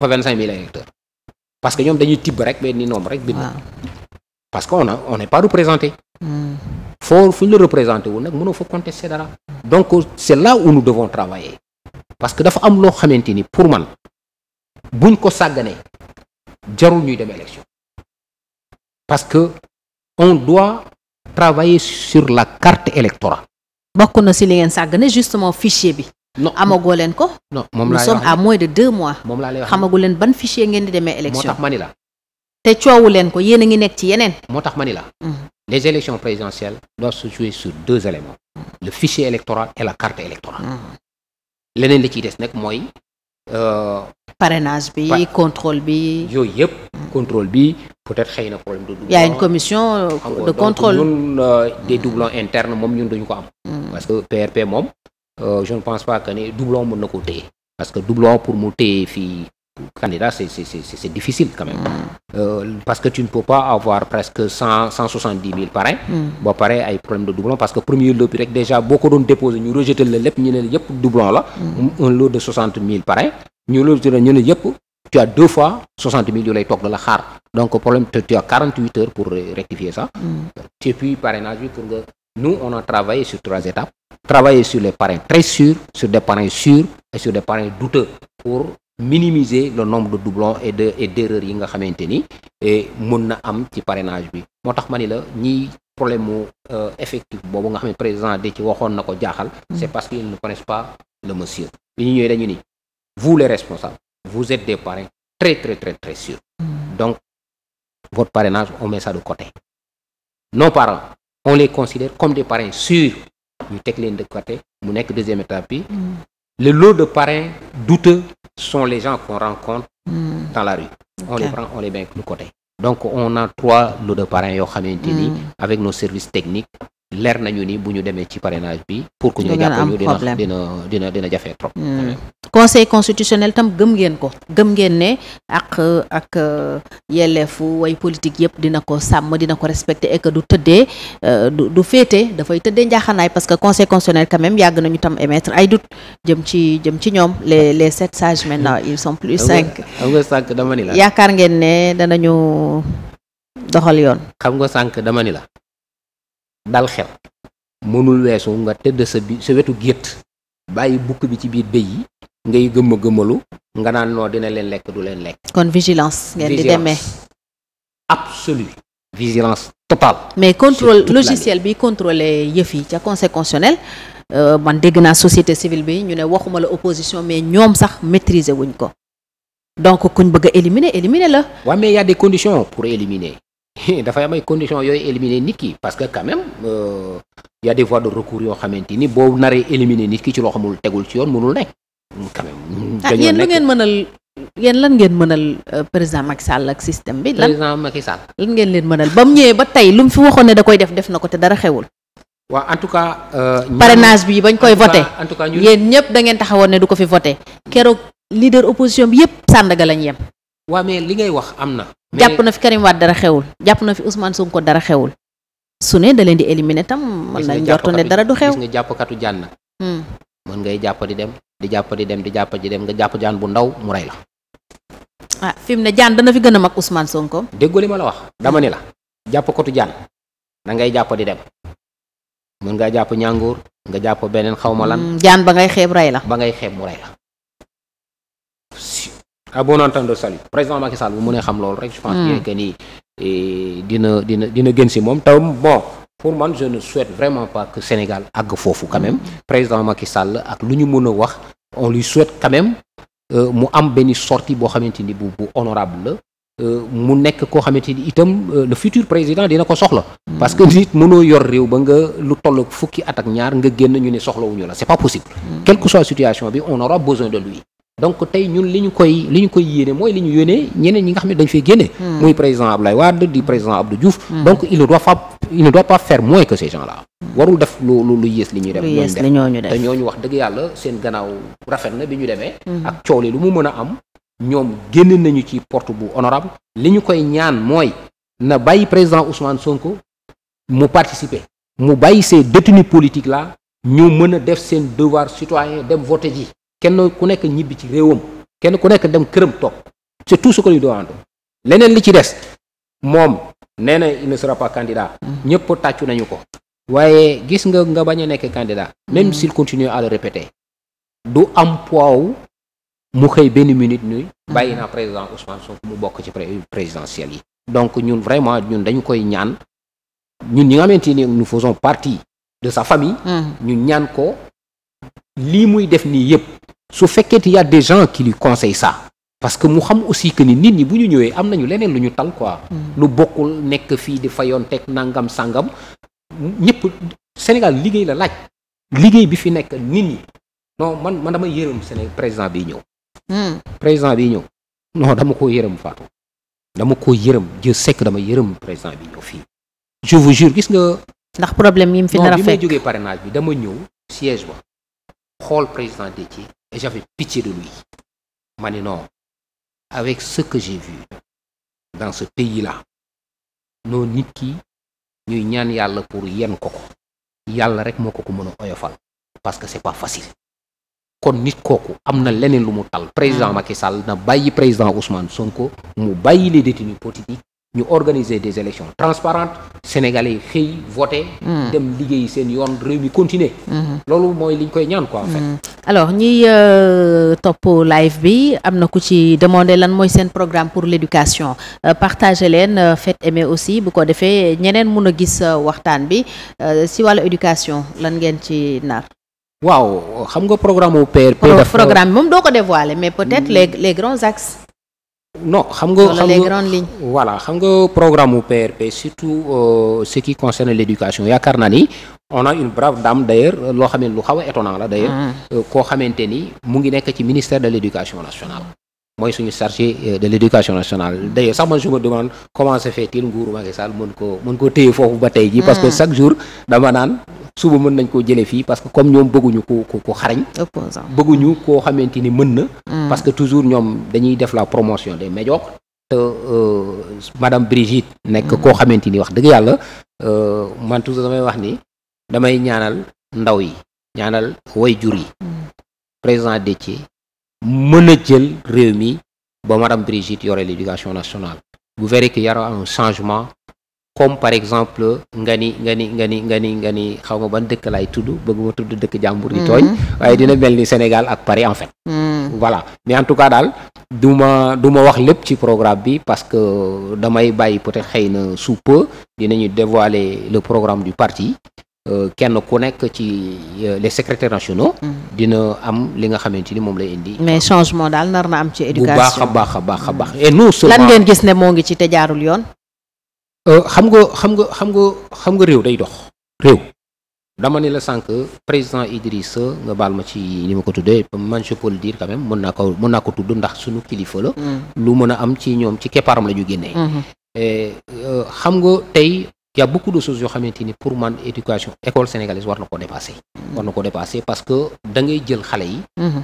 fa vingt cinq parce que ñoom dañuy tibb rek ni nombre rek bi bind parce que on a on n'est pas représenté hmm. foo fu ñu la représenté wul nag mënoo fa contester dara donc c'est là où nous devons travailler parce que dafa am loo xamante ni pour man buñ ko sàgganee jarul ñuy dem élection parce que on doit travailler sur la carte électorale bokk na si li ngeen sàggane justement fichier bi non amagoo leen ko. non moom laa nous à mois de deux mois. moom laa lay xamagu leen ban fichier ngeen di demee élection moo tax mani te coowu leen ko yéen a ngi nekk ci yeneen. moo tax mani la. Mm. les élections présidentielles doivent se jouer sur deux éléments. le fichier électoral et la carte électorale. Mm. leneen li ciy des nag mooy. Euh, parrainage bi contrôle bi. yooyu yëpp mm. contrôle bi peut-être xëy na problème de doublon. y a une commission euh, de contrôle ñun euh, des moom ñun dañu ko am. parce que PRP moom. Euh, je ne pense pas que ni doublon mën na ko téye parce que doublon pour mu téye fii candidat c'est difficile quand mm. euh, parce que tu ne peux pas avoir presque cent cent soixante dix mille mm. ay problème de doublon parce que premier lot bi rek déjà boo ko doon déposé ñu rejeté la lépp ñu ne yëpp doublon la mm. un lot de soixante ñu rejeté la tu as deux fois soixante lay toog la xaar donc problème tu as heures pour rectifier ça et puis parrainage pour nga nous on a travaillé sur trois travailler sur les parrains très sûrs, sur des parrains sûrs et sur des parrains douteux pour minimiser le nombre de doublons et de et d'erreurs yi nga xamante ni mun na am ci parrainage bi moo tax ma ni la ñiy problème mu euh, effectif boobu nga xam ne président de ci waxoon na ko jaaxal c'est parce qu'ils ne connaissent pas le monsieur li ñu ñëwee dañu ni vous les responsables vous êtes des parrains très très très très sûrs donc votre parrainage on met ça de côté nos parents ñu teg leen de côté mu nekk deuxième étape bi le lot de parrains douteux sont les gens qu'on rencontre mm. dans la rue on les prend on les met de côté donc on a trois lots de parrains yoo xamante ni mm. avec nos services techniques leer nañu ni bu ñu demee ci parrainage bi pour ku ñu jàpp ñu dina dina dina dina jafe trop hmm. conseil constitutionnel tam gëm ngeen ko gëm ngeen ne ak ak euh, yelleefu way politique yëpp dina ko sàmm dina ko respecté et que du tëddee euh, du du féete dafay tëddee njaaxanaay parce que conseil constitutionnel quand même yàgg nañu tam émettre ay doute jëm ci jëm ci ñoom les les sept sages maintenant ils sont plus cinq yaakaar ngeen ne danañu doxal yoon xam nga sànq dama ni la dal xel mënul weesu nga tëdd sa bi sa wetu gétt bàyyi bukk bi ci biir béy yi ngay gëmma gëmmalu nga naan noo dina leen lekk du leen lekk kon vigilance ngeen di demee absolue vigilance totale mais contrôle logiciel bi contrôler yëf yi ca conseil constitutionnel euh, man dégg naa société civile bi ñu ne waxuma la opposition mais ñoom sax maîtriser wuñ ko donc kuñ bëgg a éliminer éliminer la waaw mais y a condition pour éliminer dafay am ay conditions yooyu éliminer nit ki parce que quand même euh, y a des voies de recours yoo xamante ni boo naree éliminer nit ki ci loo xamul tegul ci yoon mënul nekk mm, quand même. Mm, ah yéen lu ngeen mënal yéen lan ngeen mënal euh, président Macky ak système bi. lan ngeen leen mënal ba mu ñëwee ba tey lu mu fi waxoon ne da koy def def na ko te dara xewul. waaw en tout cas. Euh, parrainage bi bañ koy voté en tout cas yéen ñëpp da ngeen taxawoon ne du ko fi voté keroog leader opposition bi yëpp Sandaga lañ jàpp na fi Karim Wade dara xewul jàpp na fi Ousmane ko dara xewul su ne da leen di éliminer tam mën nañ njorto ne dara du xew gis nga jàppkatu jaan na hmm. mën ngay jàpp di dem di jàpp di dem di jàpp di dem nga jàpp jaan bu ndaw mu rey la ah fi mu ne jaan dana fi gën a mag Ousmane Sonko déggoo ma la wax dama ni la jàppkatu jaan na ngay jàpp di dem mën ngaa jàpp ñànguur nga jàpp beneen xaw ma lan hmm, jaan ba ngay xeeb rey la ba ngay xeeb mu rey la à bon entendeur salut président Macky Sall bu mënee xam loolu rek je pense bien hmm. que nii eh, dina dina dina gën si moom taw bon pour man je ne souhaite vraiment pas que Sénégal àgg foofu quand même hmm. président Macky Sall ak lu ñu mën a wax on lui souhaite quand euh, mu am benn sortie boo xamante ni bu bu honorable la euh, mu nekk koo xamante ni itam euh, le futur président dina ko soxla. Hmm. parce que nit mënoo yor réew ba nga lu toll fukki at ak ñaar nga génn ñu ne soxlawuñu la c'est pas possible. donc tey ñun li ñu koy li ñu koy yéene mooy li ñu yéene ñeneen ñi nga xam ne dañ fee génne. Hmm. muy président Abdoulaye Wade di président Abdou Diouf. Hmm. donc il ne doit pas il ne faire moins que ces gens là. warul def lu lu lu yées li ñuy def. lu yées li ñooñu def te wax dëgg yàlla seen gannaaw rafet na bi ñu demee. Hmm. ak coow li lu mu mën a am. ñoom génn nañu ci porte bu honorable li ñu koy ñaan mooy na bàyyi président Ousmane Sonko mu participer mu bàyyi ces détenus politique là ñu mën a def seen devoir citoyen dem voter ji. kenn ku nekk ñibbi ci réewam kenn ku nekk dem këram toog c'est tout ce que nous devons entendre leneen li ci des moom nee na il ne sera pas candidat ñëpp tàccu nañu ko waaye gis nga nga bañ a nekk candidat même si continue à le répéter du am poids mu xëy benn minute ni bàyyi naa président Ousmane Sonko mu bokk ci présidentielle yi donc ñun vraiment ñun dañu koy ñaan ñun ñi nga xamante ni nous faisons partie de sa famille mm. ñun ñaan ko lii muy def nii yëpp su fekkee il y des gens qui lui conseillent ça parce que mu xam aussi que ni nit ñi bu ñu ñëwee am nañu leneen lu ñu tal quoi. Mm. lu bokkul nekk fii di fayoon teg nangam sangam ñëpp Sénégal liggéey la laaj liggéey bi fi nekk nit ñi non man man dama yërëm Sénégal président bi ñëw. Mm. président bi ñëw non dama ko yërëm Fatou dama ko yërëm Dieu sait que dama yërëm président bi ñëw fii je vous jure gis nga. ndax problème yi mu fi nar a fekk bi may jógee parrainage bi dama ñëw siège ba. xool président Déthié et j'avais pitié de lui ma ne avec ce que j'ai vu dans ce pays là noo nit ki ñuy ñaan yàlla pour yenn ko ko yàlla rek moo ko ko mën a oyofal parce que c'est pas facile kon nit kooku am na leneen lu mu tal président ah. Macky Sall na bàyyi président Ousmane Sonko mu bàyyi les détenus politiques ñu organiser des élections transparentes sénégalais yi xëy voté. Hmm. dem liggéey seen yoon réew mi continuer. Hmm. loolu mooy liñ koy ñaan quoi en fait. Hmm. alors ñiy euh, topp live bi am na ku ci demandé lan mooy seen programme pour l'éducation euh, partagé leen euh, fet aimer aussi bu ko defee ñeneen mun a gis waxtaan bi si wàllu éducation lan ngeen ci nar. waaw xam nga programme mu PRP. dafa programme moom doo ko dévoiler mais peut-être les les grands axes. non xam nga xam nga voilà xam nga programme mu PRP surtout euh, ce qui concerne l'éducation yaakaar na ni on a une brave dame d'ailleurs loo xam ne lu xaw a étonnant la d'ailleurs mm. euh, koo xamante ni mu ngi nekk ci ministère de l'éducation nationale mooy suñu chargé de l' éducation nationale d' ailleurs sax man je me demande comment se fait-il nguuru Macky Sall mën koo mën koo téye foofu ba tey ji parce que hmm. chaque jour dama naan suba mën nañ koo jëlee fii parce que comme ñoom bëgguñu ko ko ko xarañ bëgguñu koo xamante ni mën na hmm. parce que toujours ñoom dañuy def la promotion des médiocres te euh, madame Brigitte nekk hmm. koo xamante ni wax dëgg yàlla euh, man toujours damay wax ni damay ñaanal ndaw yi ñaanal way jur yi président Déthié mën a jël réew mi ba madame Brigitte yore l'éducation nationale vous verrez qu'il y changement comme par exemple nga ni nga ni nga ni nga ni nga ni xaw ma ban dëkk laay tudd bëgguma tudd dëkk jàmbur di tooñ mhm. waaye dina mel ni Sénégal ak Paris en fait mhm. voilà mais en tout cas daal du ma du ma wax lépp ci programme bi parce que damay bàyyi peut-être xëy na sous dinañu dévoiler le programme du parti kenn ku nekk ci euh, les secrétaires nationaux. Mm. dina am li nga xamante ni moom lay indi. mais changement daal nar na am ci éducation bu baax a baax a baax a baax. et non seulement lan ngeen gis ne moo ngi ci te jaarul yoon. Euh, xam nga xam nga xam nga xam nga réew day dox. dama ne la sànq président Idrissa nga baal ma ci ni ma ko tuddee man je peux le dire quand naa ko mën naa ko tudd ndax suñu kilifa la. Mm. lu mën a am ci ñoom ci keppaaram la ñu génnee. Mm-hmm. Euh, xam nga tey y a beaucoup de choses yoo xamante ni pour man éducation école sénégalaise war na koo dépasser. war na koo dépasser parce que da ngay jël xale yi. Mhm.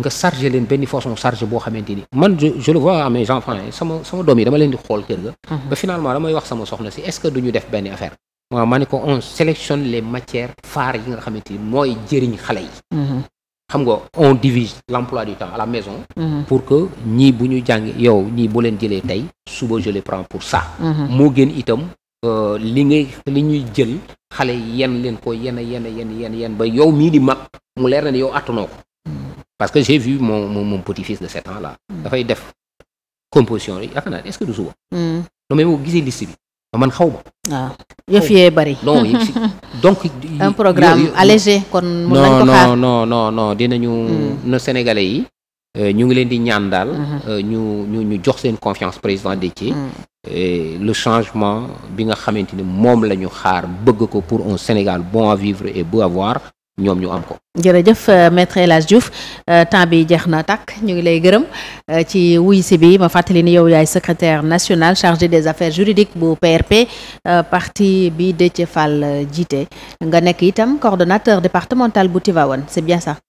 nga chargé leen benn façon chargé boo xamante ni man je le vois à mes enfants sama doom yi dama leen di xool kër ga. Mhm. ba finalement damay wax sama soxna si est-ce que def benn affaire. waaw ma ne ko on sélectionne les matières phares yi nga xamante mooy jëriñ xale yi. Mhm. xam nga on divise l'emploi du temps à la maison. pour que ñii bu Euh, li ngay li ñuy jël xale yenn leen ko yenn yenn yenn ba yow mii di mag mu leer na ne yow àttanoo ko parce que j'ai vu mon mon mon de sept ans là dafay def composition yi yaakaar naa est-ce que du suba hmm. non mais boo gisee liste bi man xaw ma waaw ah. yëf yee bari oh. non donc un programme allégé kon mun nañ ko xaar non non non dinañu hmm. na sénégalais yi euh, ñu ngi leen di ñaan daal hmm. euh, ñu ñu ñu jox seen confiance président Déthié le changement bi nga xamante ni moom la ñu xaar bëgg ko pour un Sénégal bon à vivre et beau à ñoom ñu am ko. jërëjëf maître El Hadj euh, temps bi jeex na takk ñu ngi lay gërëm euh, ci wuy si bi ma fàttali ni yow yaay secretaire national chargé des affaires juridiques bu PRP euh, parti bi Déthié Fall jiite nga nekk itam coordonnateur départemental bu Tivaouane c'est bien sax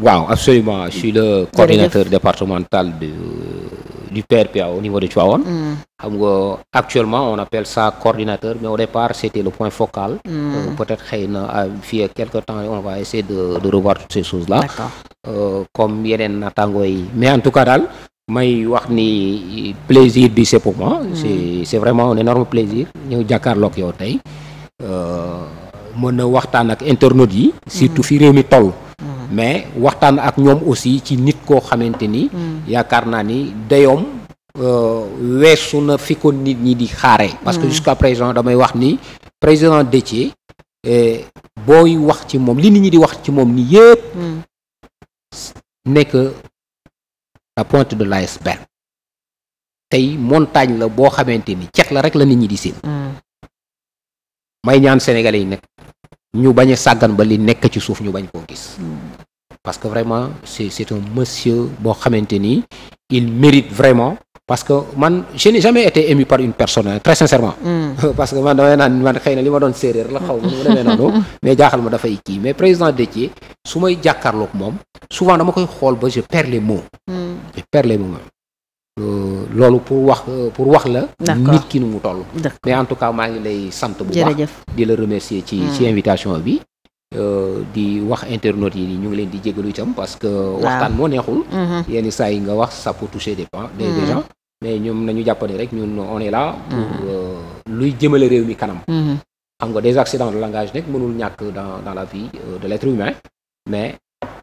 waaw absolument je suis le coordinateur départemental de. du PRPA au niveau de Tivaouane. Mm. xam nga actuellement on appelle ça coordinateur mais au départ c'était le point focal. Euh, peut-être xëy na ah, fii quelque temps on va essayer de de revoir toutes ces choses là. Euh, comme yeneen naataangoo yi mais en tout cas daal. may wax ni plaisir bi c'est pour moi. Mm. c'est c'est vraiment un énorme plaisir ñëw jàkkaarloog yow tey euh, mën na waxtaan ak internautes yi. surtout fi réew mi toll. mais waxtaan ak ñoom aussi ci nit koo xamante ni. Hmm. yaakaar naa ni dayoom. Euh, weesu na fi ko nit ñi di xaare parce que hmm. jusqu'à présent damay wax ni président Déthié eh, booy wax ci moom li nit ñi di wax ci moom ni yëpp. Hmm. nekk la pointe de la l'iceberg tey montagne la boo xamante ni ceex la rek la nit ñi di seen may ñaan sénégalais yi nag ñu bañ a sàggan ba li nekk ci suuf ñu bañ koo gis. parce que vraiment c'est c'est un boo xamante ni il mérite vraiment parce que man je n'ai jamais été ému par une personne très sincèrement. Hmm. parce que man damay naan man xëy na li ma doon séeréer la xaw ma nu mu demee noonu. mais jaaxal ma dafay kii mais président Déthié su may jàkkaarloog moom souvent dama koy xool ba je perds les mots. Hmm. je perds euh, loolu pour wax euh, pour wax la. nit ki nu mu toll. mais en tout cas maa ngi lay sant bu baax. di la remercier ci hmm. invitation bi. Euh, di wax internautes yi ñu ngi leen di jégalu itam parce que waxtaan moo neexul mhm. yenn saa yi nga wax ça peut toucher de gens des mhm. gens mais ñoom nañu jàpp ne rek ñun on est là pour mhm. euh, luy jëmale réew mi kanam xam nga des accidents de langage nag mënul ñàkk dans dans la vie euh, de l'être humain mais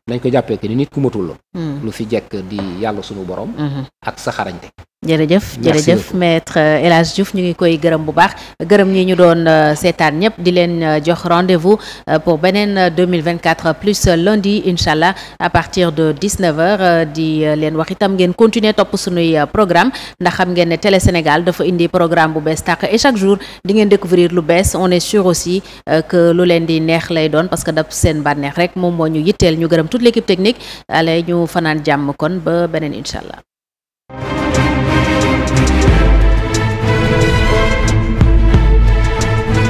nañ ko jàppee que ni nit ku la lu fi jekk di yàlla sunu borom ak sa xarañte jërëjëf jërëjëf maître euh, El Hadj Diouf ñu ngi koy gërëm bu baax gërëm ñi ñu doon euh, seetaan ñëpp di leen euh, jox rendez-vous pour beneen 2024 plus lundi incha allah à partir de 19h di leen wax itam ngeen continuer topp suñuy programme ndax xam ngeen ne Télé Sénégal dafa indi programme bu bees tàq et chaque jour di ngeen découvrir lu bees on est sûr aussi que lu leen di neex lay doon parce que daf seen bànneex rek moom moo ñu yitteel ñu gërëm toute l'équipe technique ale ñu fanaan jàmm kon ba beneen incha allah